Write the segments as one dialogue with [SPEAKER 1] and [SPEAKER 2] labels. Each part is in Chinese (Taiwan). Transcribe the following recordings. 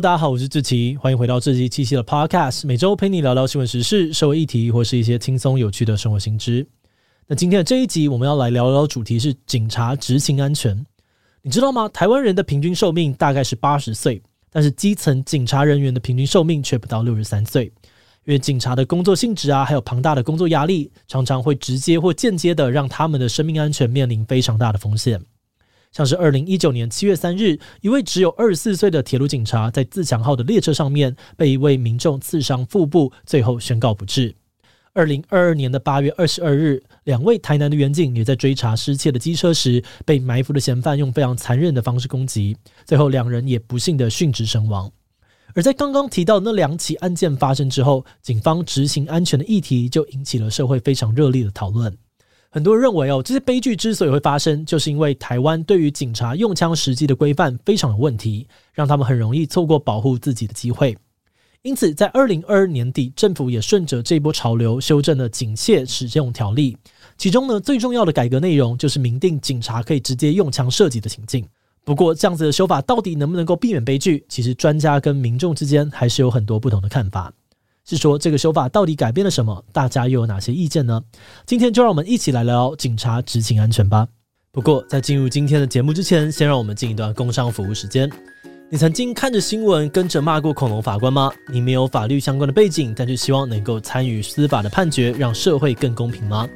[SPEAKER 1] 大家好，我是志祺，歡迎回到志祺七七的 Podcast，每周陪你聊聊新聞時事、社會議題，或是一些輕鬆有趣的生活新知。那今天的這一集，我們要來聊聊主題是警察執行安全。你知道嗎？台灣人的平均壽命大概是八十歲，但是基層警察人員的平均壽命卻不到六十三歲，因為警察的工作性質啊，還有龐大的工作壓力，常常會直接或間接的讓他們的生命安全面臨非常大的風險。像是二零一九年七月三日，一位只有二十四歲的鐵路警察在自強號的列車上面被一位民眾刺傷腹部，最後宣告不治。二零二二年的八月二十二日，兩位台南的員警也在追查失竊的機車時，被埋伏的嫌犯用非常殘忍的方式攻擊，最後兩人也不幸地殉職身亡。而在剛剛提到的那兩起案件發生之後，警方執行安全的議題就引起了社會非常熱烈的討論。很多人認為，哦，這些悲劇之所以會發生，就是因為台灣對於警察用槍時機的規範非常有問題，讓他們很容易錯過保護自己的機會。因此，在二零二二年底，政府也順着這波潮流修正了警械使用條例，其中呢，最重要的改革內容就是明定警察可以直接用槍射擊的情境。不過，這樣子的修法到底能不能夠避免悲劇？其實，專家跟民眾之間還是有很多不同的看法。是說這個修法到底改變了什麼？大家又有哪些意見呢？今天就讓我們一起來聊警察執勤安全吧。不過在進入今天的節目之前，先讓我們進一段工商服務時間。你曾經看着新聞跟着罵過恐龍法官嗎？你沒有法律相關的背景，但就希望能夠參與司法的判決，讓社會更公平嗎？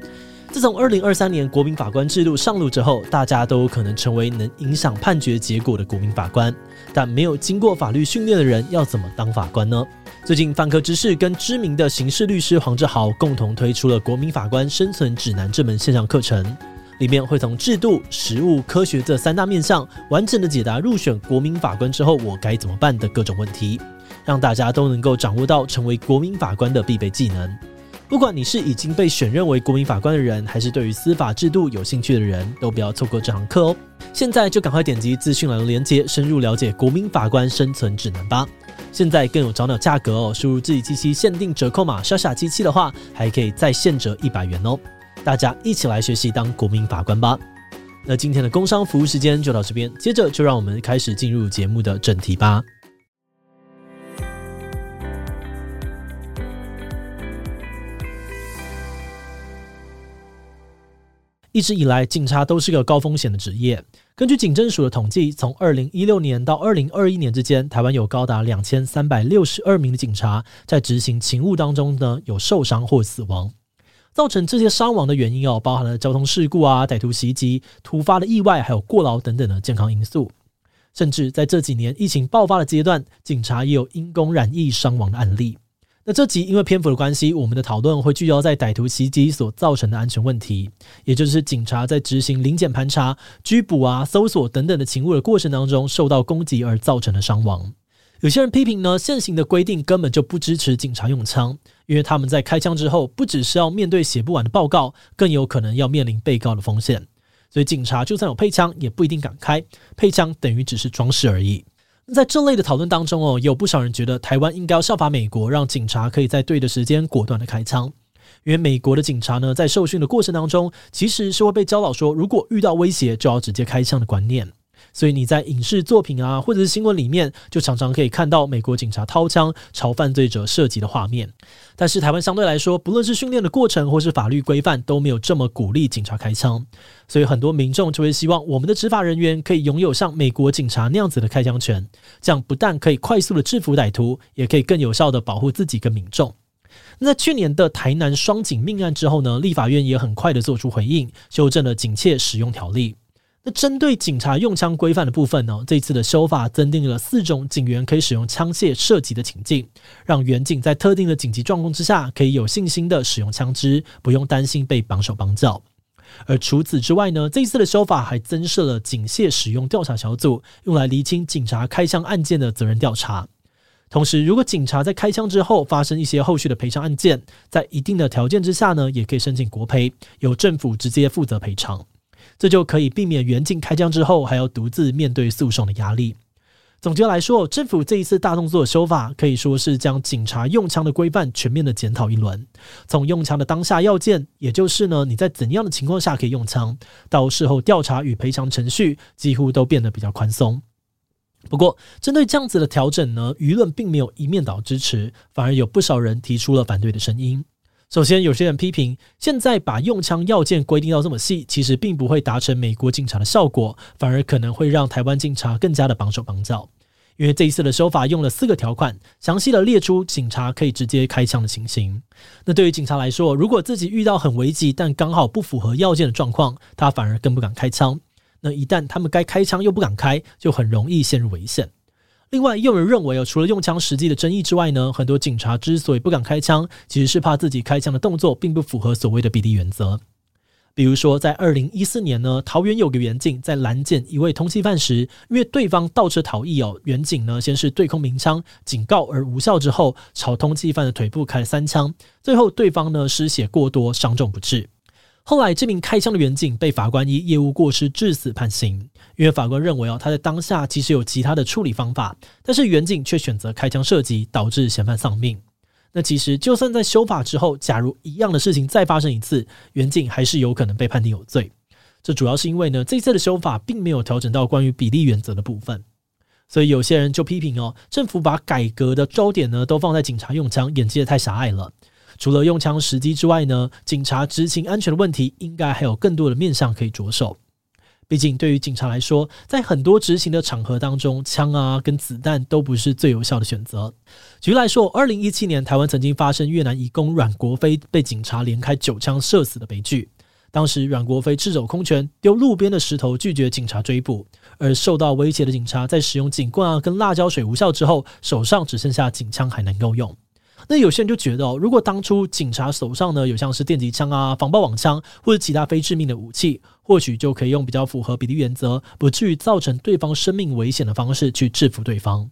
[SPEAKER 1] 自從二零二三年國民法官制度上路之後，大家都有可能成為能影響判決結果的國民法官。但沒有經過法律訓練的人要怎麼當法官呢？最近，泛科知識跟知名的刑事律師黃致豪共同推出了《國民法官生存指南》這門線上課程，裡面會從制度、實務、科學這三大面向，完整的解答入選國民法官之後我該怎麼辦的各種問題，讓大家都能夠掌握到成為國民法官的必備技能。不管你是已經被選任為國民法官的人，還是對於司法制度有興趣的人，都不要錯過這堂課哦！現在就趕快點擊資訊欄的鏈接，深入了解《國民法官生存指南》吧！現在更有早鳥價格哦，輸入志祺七七限定折扣碼“莎莎七七”的話，還可以再現折一百元哦！大家一起來學習當國民法官吧！那今天的工商服務時間就到這邊，接着就讓我們開始進入節目的正題吧。一直以來，警察都是個高風險的職業。根據警政署的統計，從二零一六年到二零二一年之間，台灣有高達兩千三百六十二名的警察在執行勤務當中呢，有受傷或死亡。造成這些傷亡的原因哦，包含了交通事故啊、歹徒襲擊、突發的意外，還有過勞等等的健康因素。甚至在這幾年疫情爆發的階段，警察也有因公染疫傷亡的案例。那這集因為篇幅的關係，我們的討論會聚焦在歹徒襲擊所造成的安全問題，也就是警察在執行臨檢盤查、拘捕啊、搜索等等的勤務的過程當中受到攻擊而造成的傷亡。有些人批評呢，現行的規定根本就不支持警察用槍，因為他們在開槍之後，不只是要面對寫不完的報告，更有可能要面臨被告的風險。所以警察就算有配槍，也不一定敢開，配槍等於只是裝飾而已。在這類的討論當中，哦，有不少人覺得台灣應該要效法美國，讓警察可以在對的時間果斷的開槍，因為美國的警察呢，在受訓的過程當中，其實是會被教導說，如果遇到威脅就要直接開槍的觀念。所以你在影視作品啊，或者是新聞裡面，就常常可以看到美國警察掏槍朝犯罪者射擊的畫面。但是台灣相對來說，不論是訓練的過程，或是法律規範，都沒有這麼鼓勵警察開槍。所以很多民眾就會希望，我們的執法人員可以擁有像美國警察那樣子的開槍權，這樣不但可以快速的制服歹徒，也可以更有效的保護自己跟民眾。那在去年的台南雙警命案之後呢，立法院也很快的做出回應，修正了警械使用條例。那針對警察用槍規範的部分呢，這次的修法增訂了四種警員可以使用槍械射擊的情境，讓員警在特定的緊急狀況之下，可以有信心地使用槍支，不用擔心被綁手綁腳。而除此之外呢，這一次的修法還增設了警械使用調查小組，用來釐清警察開槍案件的責任調查。同時，如果警察在開槍之後發生一些後續的賠償案件，在一定的條件之下呢，也可以申請國賠，由政府直接負責賠償。這就可以避免員警開槍之後還要獨自面對訴訟的壓力。總結來說，政府這一次大動作的修法，可以說是將警察用槍的規範全面地檢討一輪，從用槍的當下要件，也就是呢，你在怎樣的情況下可以用槍，到事後調查與賠償程序，幾乎都變得比較寬鬆。不過，針對這樣子的調整呢，輿論並沒有一面倒支持，反而有不少人提出了反對的聲音。首先，有些人批評，現在把用槍要件規定到這麼細，其實並不會達成美國警察的效果，反而可能會讓台灣警察更加的綁手綁腳。因為這一次的修法用了四個條款，詳細的列出警察可以直接開槍的情形。那對於警察來說，如果自己遇到很危急，但剛好不符合要件的狀況，他反而更不敢開槍。那一旦他們該開槍又不敢開，就很容易陷入危險。另外，也有人認為哦，除了用槍時機的爭議之外呢，很多警察之所以不敢開槍，其實是怕自己開槍的動作並不符合所謂的比例原則。比如說，在二零一四年呢，桃園有個員警在攔檢一位通緝犯時，因為對方倒車逃逸哦，員警呢先是對空鳴槍警告而無效之後，朝通緝犯的腿部開三槍，最後對方呢失血過多，傷重不治。後來，這名開槍的員警，被法官以業務過失致死判刑，因為法官認為哦，他在當下其實有其他的處理方法，但是員警卻選擇開槍射擊，導致嫌犯喪命。那其實，就算在修法之後，假如一樣的事情再發生一次，員警還是有可能被判定有罪。這主要是因為呢，這次的修法並沒有調整到關於比例原則的部分，所以有些人就批評哦，政府把改革的焦點呢都放在警察用槍，眼界也太狹隘了。除了用槍射擊之外呢，警察執行安全的問題應該還有更多的面向可以着手。畢竟，對於警察來說，在很多執行的場合當中，槍啊跟子彈都不是最有效的選擇。舉例來說，二零一七年台灣曾經發生越南移工阮國飛被警察連開九槍射死的悲劇。當時阮國飛赤手空拳，丟路邊的石頭拒絕警察追捕，而受到威脅的警察在使用警棍啊跟辣椒水無效之後，手上只剩下警槍還能夠用。那有些人就覺得哦，如果當初警察手上呢有像是電擊槍啊、防暴網槍或者其他非致命的武器，或許就可以用比較符合比例原則，不至於造成對方生命危險的方式去制服對方。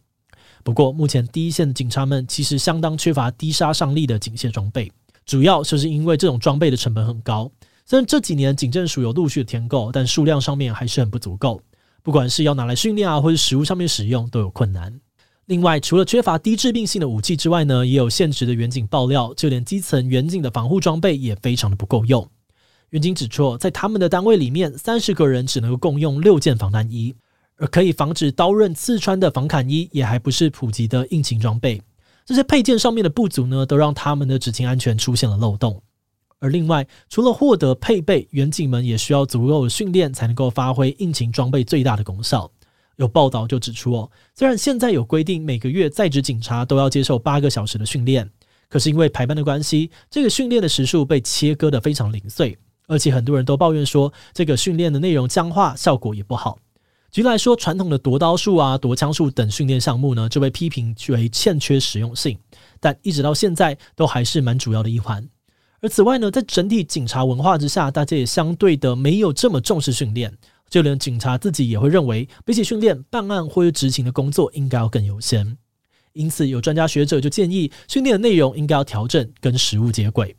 [SPEAKER 1] 不過，目前第一線的警察們其實相當缺乏低殺傷力的警械裝備，主要就是因為這種裝備的成本很高。雖然這幾年警政署有陸續添購，但數量上面還是很不足夠，不管是要拿來訓練啊，或者實務上面使用，都有困難。另外，除了缺乏低致命性的武器之外呢，也有現職的員警爆料，就連基層員警的防護裝備也非常的不夠用。員警指出，在他們的單位裡面，三十個人只能夠共用六件防彈衣，而可以防止刀刃刺穿的防砍衣也還不是普及的應勤裝備。這些配件上面的不足呢，都讓他們的執勤安全出現了漏洞。而另外，除了獲得配備，員警們也需要足夠的訓練，才能夠發揮應勤裝備最大的功效。有報道就指出哦，雖然現在有規定每個月在職警察都要接受八個小時的訓練，可是因為排班的關係，這個訓練的時數被切割得非常零碎，而且很多人都抱怨說這個訓練的內容僵化，效果也不好。舉例來說，傳統的奪刀術啊、奪槍術等訓練項目呢，就被批評為欠缺實用性，但一直到現在都還是蠻主要的一環。而此外呢，在整體警察文化之下，大家也相對的沒有這麼重視訓練。就連警察自己也會認為，比起訓練，辦案或執勤的工作應該要更優先。因此，有專家學者就建議，訓練的內容應該要調整，跟實務接軌。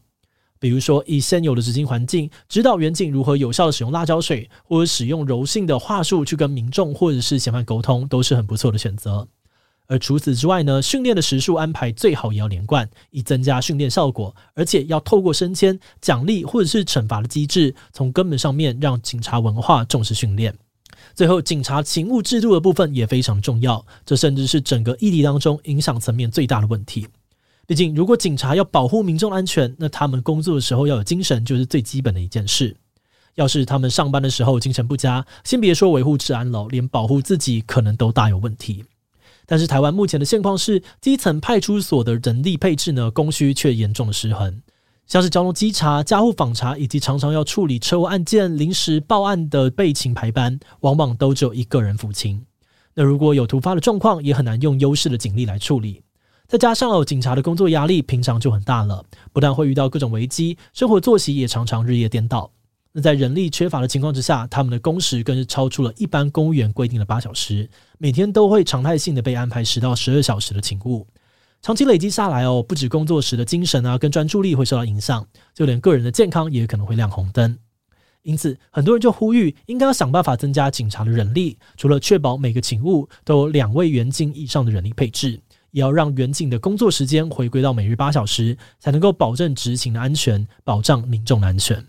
[SPEAKER 1] 比如說，以現有的執行環境，指導員警如何有效的使用辣椒水，或者使用柔性的話術去跟民眾或者是嫌犯溝通，都是很不錯的選擇。而除此之外呢，訓練的時數安排最好也要連貫，以增加訓練效果。而且要透過升遷、獎勵或者是懲罰的機製，從根本上面讓警察文化重視訓練。最後，警察勤務制度的部分也非常重要，這甚至是整個議題當中影響層面最大的問題。畢竟，如果警察要保護民眾安全，那他們工作的時候要有精神，就是最基本的一件事。要是他們上班的時候精神不佳，先別說維護治安了，連保護自己可能都大有問題。但是台灣目前的現況是，基層派出所的人力配置呢，供需卻嚴重的失衡。像是交通稽查、家戶訪查，以及常常要處理車禍案件、臨時報案的備勤排班，往往都只有一個人服勤。那如果有突發的狀況，也很難用優勢的警力來處理。再加上哦，警察的工作壓力平常就很大了，不但會遇到各種危機，生活作息也常常日夜顛倒。那在人力缺乏的情況之下，他們的工時更是超出了一般公務員規定的八小時，每天都會常態性的被安排十到十二小時的勤務，長期累積下來哦，不止工作時的精神啊跟專注力會受到影響，就連個人的健康也可能會亮紅燈。因此，很多人就呼籲，應該要想辦法增加警察的人力，除了確保每個勤務都有兩位員警以上的人力配置，也要讓員警的工作時間回歸到每日八小時，才能夠保證執勤的安全，保障民眾的安全。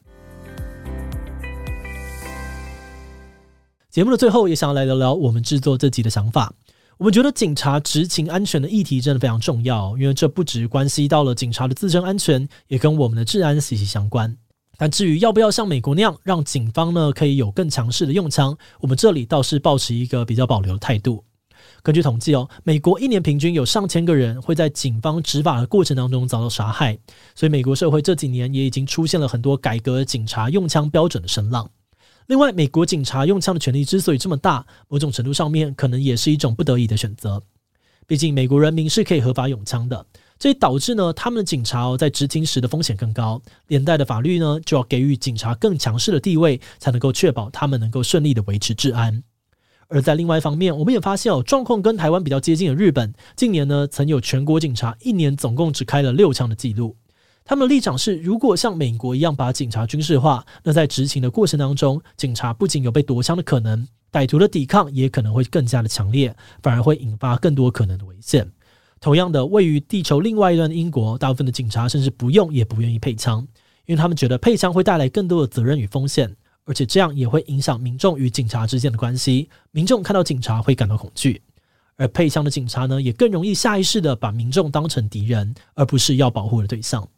[SPEAKER 1] 節目的最後也想要來聊聊我們製作這集的想法。我們覺得警察執勤安全的議題真的非常重要，因為這不只關係到了警察的自身安全，也跟我們的治安息息相關。但至於要不要像美國那樣讓警方呢，可以有更強勢的用槍，我們這裡倒是抱持一個比較保留的態度。根據統計哦，美國一年平均有上千個人會在警方執法的過程當中遭到殺害，所以美國社會這幾年也已經出現了很多改革警察用槍標準的聲浪。另外，美國警察用槍的權利之所以這麼大，某種程度上面可能也是一種不得已的選擇。畢竟，美國人民是可以合法用槍的，這也導致呢，他們的警察哦，在執勤時的風險更高。連帶的法律呢，就要給予警察更強勢的地位，才能夠確保他們能夠順利的維持治安。而在另外一方面，我們也發現哦，狀況跟台灣比較接近的日本，近年呢，曾有全國警察一年總共只開了六槍的記錄。他們的立場是：如果像美國一樣把警察軍事化，那在執勤的過程當中，警察不僅有被奪槍的可能，歹徒的抵抗也可能會更加的強烈，反而會引發更多可能的危險。同樣的，位於地球另外一端的英國，大部分的警察甚至不用也不願意配槍，因為他們覺得配槍會帶來更多的責任與風險，而且這樣也會影響民眾與警察之間的關係。民眾看到警察會感到恐懼，而配槍的警察呢，也更容易下意識的把民眾當成敵人，而不是要保護的對象。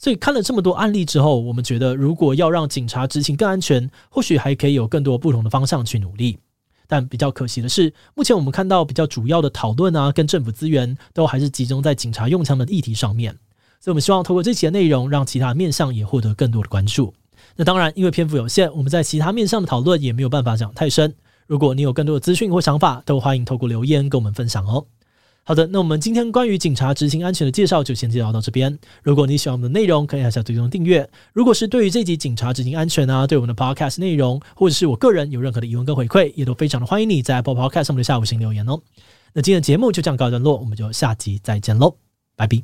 [SPEAKER 1] 所以看了這麼多案例之後，我們覺得如果要讓警察執勤更安全，或許還可以有更多不同的方向去努力。但比較可惜的是，目前我們看到比較主要的討論啊，跟政府資源都還是集中在警察用槍的議題上面。所以我們希望透過這期的內容，讓其他面向也獲得更多的關注。那當然，因為篇幅有限，我們在其他面向的討論也沒有辦法講太深。如果你有更多的資訊或想法，都歡迎透過留言跟我們分享哦。好的，那我們今天關於警察執行安全的介紹就先介紹到這邊。如果你喜歡我們的內容，可以按下最右訂閱。如果是對於這集警察執行安全啊，對我們的 Podcast 內容，或者是我個人有任何的疑問跟回饋，也都非常的歡迎你在 Apple Podcast 上面的下方進行留言哦。那今天的節目就這樣告一段落，我們就下集再見嘍，拜拜。